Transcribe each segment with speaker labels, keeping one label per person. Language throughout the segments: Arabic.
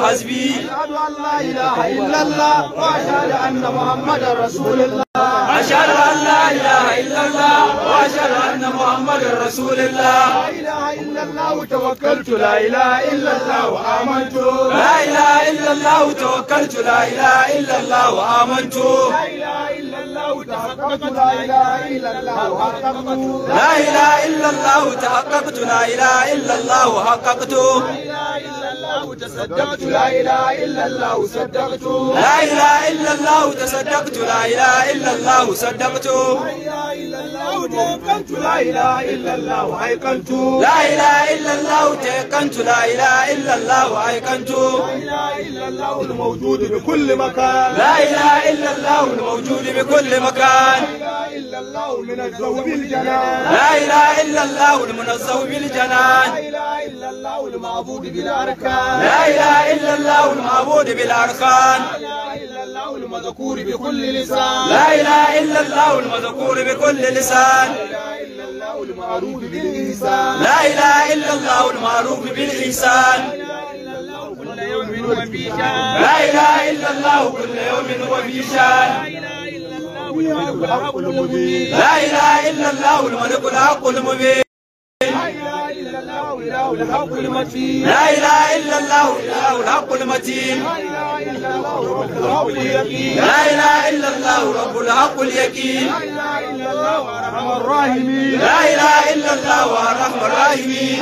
Speaker 1: حسبي أشهد أن لا إله إلا الله وأشهد أن محمدا رسول الله أشهد أن لا إله إلا الله وأشهد أن محمدا رسول الله لا إله إلا الله توكلت لا إله إلا الله وآمنت لا إله إلا الله توكلت لا إله إلا الله وآمنت لا إله إلا الله تحققت لا إله إلا الله وحققت لا إله إلا الله تحققت لا إله إلا الله وحققت لا إله إلا تصدقت لا إله إلا الله صدقت لا إله إلا الله تصدقت لا إله إلا الله صدقت لا إله إلا الله تيقنت لا إله إلا الله أيقنت لا إله إلا الله تيقنت لا إله إلا الله أيقنت لا إله إلا الله الموجود بكل مكان لا إله إلا الله الموجود بكل مكان لا إله إلا الله من الزوب الجنان لا إله إلا الله المنزه بالجنان لا إله الله والمعبود بالأركان لا إله إلا الله والمعبود بالأركان لا إله إلا الله المذكور بكل لسان لا إله إلا الله والمذكور بكل لسان المعروف بالإنسان لا إله إلا الله المعروف بالإنسان كل يوم هو في شان لا إله إلا الله الملك يوم المبين لا إله إلا الله الملك الحق المبين الله الحق المتين لا اله الا الله الحق المتين لا اله الا الله رب الحق اليكين لا اله الا الله رب الحق اليقين لا اله الا الله ارحم الراحمين لا اله الا الله ارحم الراحمين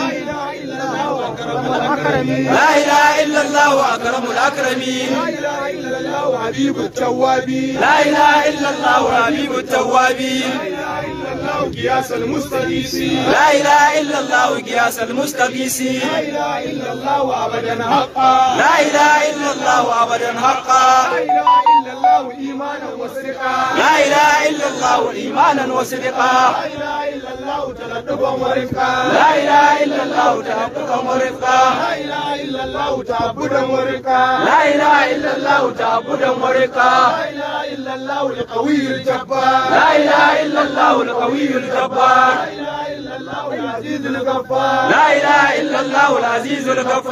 Speaker 1: لا اله الا الله اكرم الاكرمين لا اله الا الله حبيب التوابين لا اله الا الله حبيب التوابين وقياس المستغيثين لا إله إلا الله وقياس المستغيثين لا إله إلا الله وابدا حقا لا إله إلا الله وابدا حقا لا إله إلا الله إيمانا
Speaker 2: وصدقا لا إله إلا
Speaker 1: الله تعبدا وصدقا لا إله إلا الله تعبدا ورفقا لا إله إلا الله ورفقا لا إله إلا الله تعبدا ورفقا لا إله إلا الله تعبدا ورفقا الا الله القوي الجبار لا اله الا الله القوي الجبار لا اله الا الله العزيز الغفار لا اله الا الله العزيز رب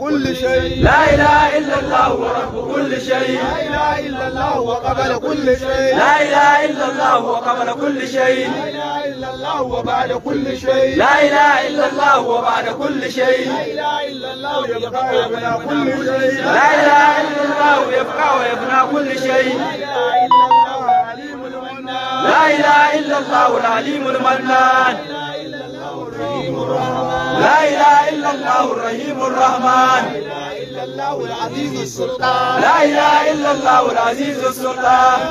Speaker 1: كل شيء لا اله الا الله هو رب كل شيء لا اله الا الله هو قبل كل شيء لا اله الا الله هو قبل كل شيء لا اله الله وبعد كل شيء لا إله إلا الله وبعد كل شيء لا إله إلا الله يبقى ويبنى كل شيء لا إله إلا الله يبقى ويبنى كل شيء لا إله إلا الله العليم المنان لا إله إلا الله العليم المنان لا إله إلا الله الرحيم الرحمن لا إله إلا الله العزيز السلطان لا إله إلا الله العزيز السلطان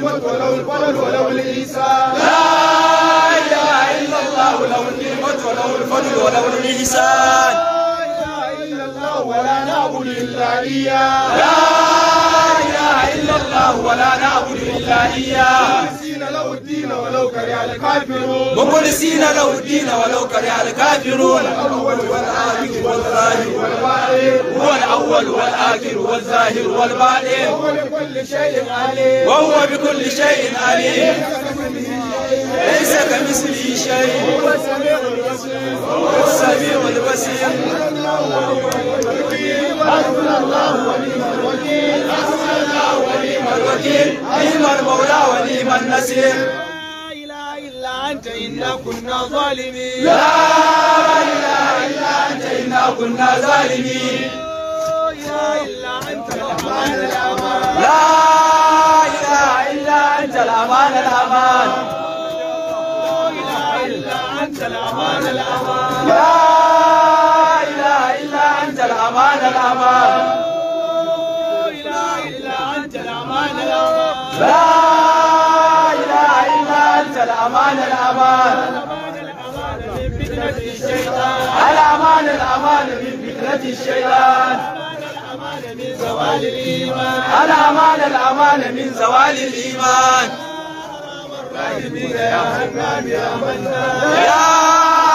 Speaker 1: النعمة وله الفرج وله الإيسان لا إله إلا الله له النعمة وله الفرج وله الإيسان لا إله إلا الله ولا نعبد إلا إياه لا إله إلا الله ولا نعبد إلا إياه ولو كره الكافرون مخلصين له الدين ولو كره الكافرون الأول والآخر والظاهر والباطن هو الأول والآخر والظاهر والباطن وهو بكل شيء عليم وهو بكل شيء عليم ليس كمثله شيء هو السميع البصير هو السميع البصير حسبنا الله ونعم الوكيل حسبنا الله ونعم الوكيل نعم المولى ونعم النصير أنت إنا كنا ظالمين لا إله إلا أنت إنا كنا ظالمين إلا أنت الأمان الأمان لا إله إلا أنت الأمان الأمان لا إله إلا أنت الأمان الأمان لا إله إلا أنت الأمان الأمان لا إله إلا أنت الأمان الأمان الشيطان الأمان من زوال الإيمان أمان الأمان من زوال الإيمان الراحمين يا حنان يا منان يا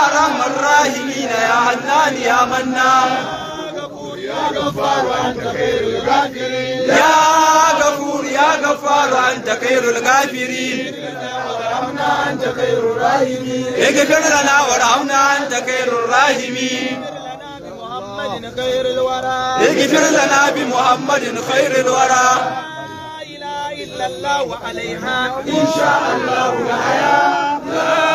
Speaker 1: أرحم الراحمين يا حنان يا منان يا غفار أنت خير الغافرين يا غفور يا غفار أنت خير الغافرين أنت خير الراهبين اغفر لنا أنت خير الراهبين اغفر لنا بمحمد خير الورى لا اله الا الله وعليها ان شاء الله الحياه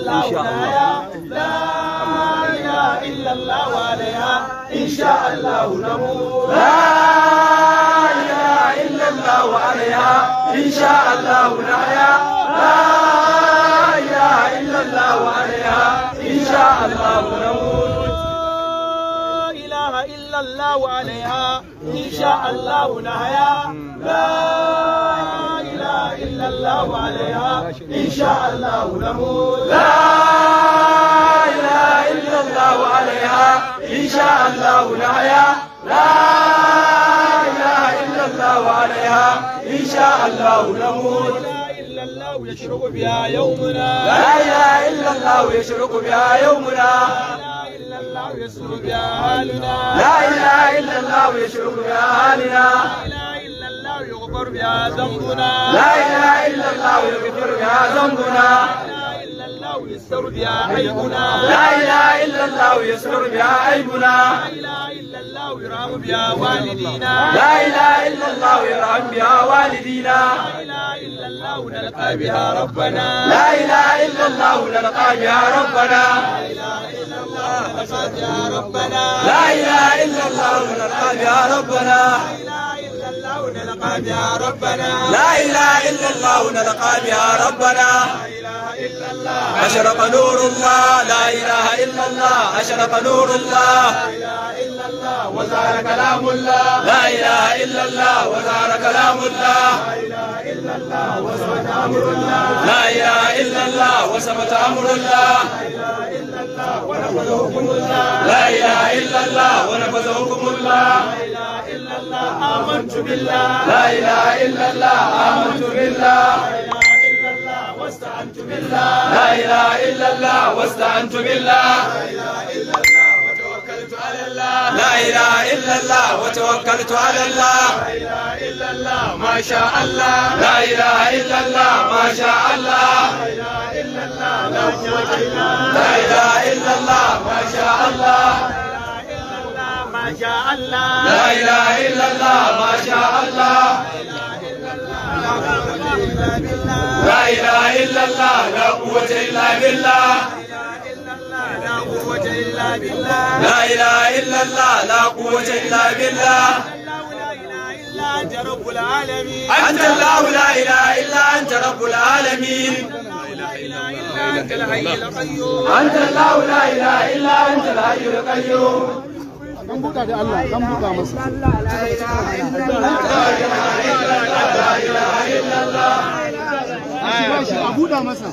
Speaker 1: الله ولايا لا إله إلا الله وعليها إن شاء الله نموت لا إله إلا الله وعليها إن شاء الله نحيا لا إله إلا الله وعليها إن شاء الله نموت لا إله إلا الله وعليها إن شاء الله نحيا لا الله عليها إن شاء الله نموت لا إله إلا الله وعليها
Speaker 2: إن شاء الله نحيا
Speaker 1: لا إله إلا الله وعليها إن شاء الله نموت الله يشرق بها يومنا لا إله إلا الله يشرق بها يومنا لا إله إلا الله يشرق بها حالنا لا إله إلا الله يغفر بها ذنبنا لا الله يغفر بها ذنبنا بها لا اله الا الله يستر بها عيبنا لا اله الا الله يرحم بها والدينا لا اله الا الله بها والدينا لا اله الا الله بها لا اله الا الله نلقى بها ربنا لا اله الا الله نلقى بها ربنا لا اله الا الله نلقى بها ربنا ونلقى بها ربنا لا إله إلا الله نلقى بها ربنا إلا الله أشرق نور الله لا إله إلا الله أشرق نور الله لا إله إلا الله وزار كلام الله لا إله إلا الله وزار كلام الله لا إله إلا الله وسمت أمر الله لا إله إلا الله وصمت أمر الله لا إله إلا الله
Speaker 2: ونحن حكم الله لا إله
Speaker 1: إلا الله بالله لا إله إلا الله آمنت بالله واستعنت بالله لا إله إلا الله واستعنت بالله لا إله إلا الله
Speaker 2: وتوكلت على الله لا إله إلا الله
Speaker 1: وتوكلت على الله لا إله إلا الله ما شاء الله لا إله إلا الله ما شاء الله لا إله إلا الله لا إله إلا الله ما شاء الله ما شاء الله لا إله إلا الله ما شاء الله
Speaker 2: لا إله إلا الله لا قوة إلا بالله
Speaker 1: لا إله إلا الله لا قوة إلا بالله أنت رب العالمين أنت الله لا إله إلا أنت رب العالمين أنت الله لا إله إلا أنت الحي القيوم dan buɗa da Allah dan buɗa masa a buɗa masa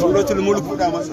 Speaker 1: suratul mulk buɗa masa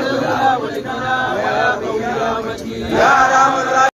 Speaker 1: يا رحمة